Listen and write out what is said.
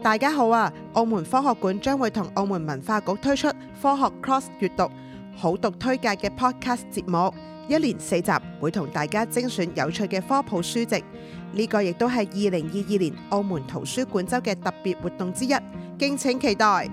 大家好啊！澳門科學館將會同澳門文化局推出科學 cross 閱讀好讀推介嘅 podcast 節目，一連四集，會同大家精選有趣嘅科普書籍。呢、這個亦都係二零二二年澳門圖書館周嘅特別活動之一，敬請期待。